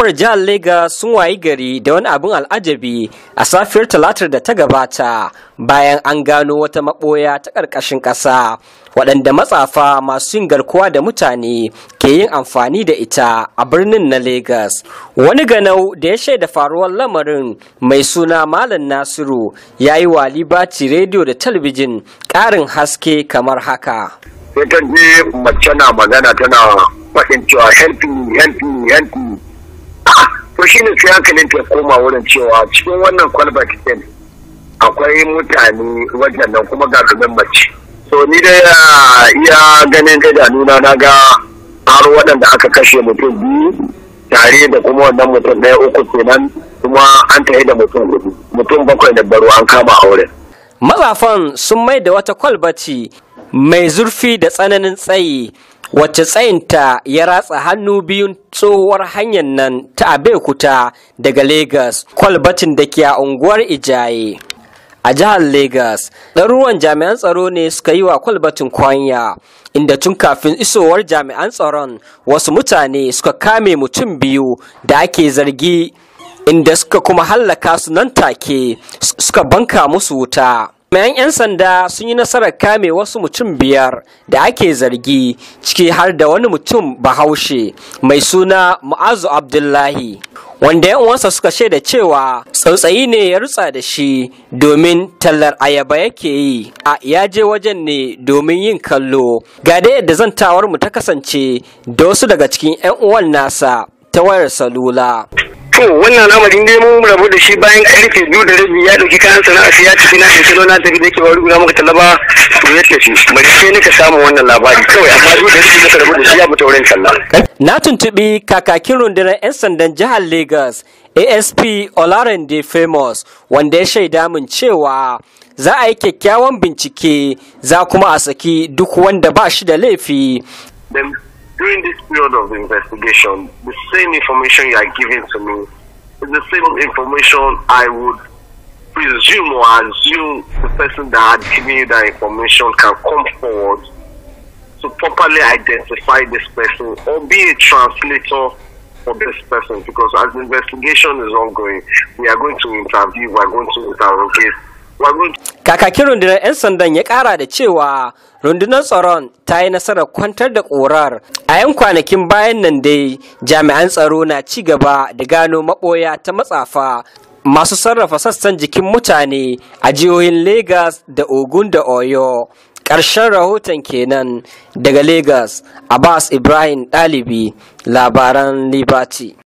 Al'ummar jihar Legas sun wayi gari da wani abin al'ajabi a safiyar talatar da ta gabata bayan an gano wata maɓoya ta ƙarƙashin ƙasa waɗanda matsafa masu yin garkuwa da mutane ke yin amfani da ita a birnin na Legas. Wani ganau da ya shaida faruwar lamarin mai suna Malam Nasiru ya yi wa Libaci rediyo da talabijin ƙarin haske kamar haka. Sai ta mace na magana tana faɗin cewa yanki yanki to shi ne sai hankalin ta koma wurin cewa cikin wannan kwalbat din akwai mutane wajen nan kuma ga gaban mace so ni da iya ganin da nuna na ga har waɗanda aka kashe mutum biyu tare da kuma wannan mutum ɗaya uku kenan kuma an tafi da mutum hudu mutum bakwai da baro an kama aure. mazafan sun mai da wata kwalbaci mai zurfi da tsananin tsayi wacce tsayinta ya ratsa hannu biyun tsohuwar hanyar nan ta abekuta daga Legas, kwalbatin da ke a unguwar Ijaye. A jihar Legas, ɗaruruwan jami'an tsaro ne suka yi wa kwalbatin kwanya, inda tun kafin isowar jami'an tsaron wasu mutane suka kame mutum biyu da ake zargi inda suka kuma hallaka su nan take suka banka musu wuta. Mayan 'yan sanda sun yi nasarar kame wasu mutum biyar da ake zargi ciki har da wani mutum bahaushe mai suna Mu'azu Abdullahi. Wanda 'yan uwansa suka shaida cewa tsautsayi ne ya rutsa da shi domin tallar ayaba yake yi a ya je wajen ne domin yin kallo. Ga da yadda zantawar mu ta kasance da wasu daga cikin 'yan uwan nasa ta wayar salula. to wannan lamarin dai mun rabu da shi bayan rufe biyu da rabi ya dauki kayan sana'a sai ya tafi na shi na tafi da yake bari muka talaba to ya tafi bari sai nika samu wannan labari kawai amma biyu da rabi muka rabu da shi ya fita wurin sallah na tuntubi kakakin rundunar 'yan sandan jihar Lagos ASP de Famous wanda ya shaida min cewa za a yi kyakkyawan bincike za kuma a saki duk wanda ba shi da laifi. During this period of the investigation, the same information you are giving to me the same information, I would presume or assume the person that had given you that information can come forward to properly identify this person or be a translator for this person because as the investigation is ongoing, we are going to interview, we are going to interrogate Kakakin rundunar 'yan sandan ya kara da cewa rundunar tsaron ta yi nasarar kwantar da ƙorar a 'yan kwanakin bayan nan dai jami'an tsaro na ci gaba da gano maɓoya ta matsafa masu sarrafa sassan jikin mutane a jihohin Legas da Ogun da Oyo. Ƙarshen rahoton kenan daga Legas, Abbas Ibrahim Ɗalibi, labaran Liberty.